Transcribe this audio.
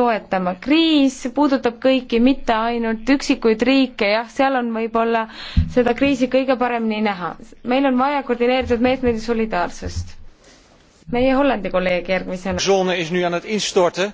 toetama. kriis puudutab kõiki, mitte ainult üksikuid riike, jah, seal on võib-olla seda kriisi kõige paremini näha. meil on vaja koordineeritud meetmeid ja solidaarsust. meie Hollandi kolleeg järgmisena.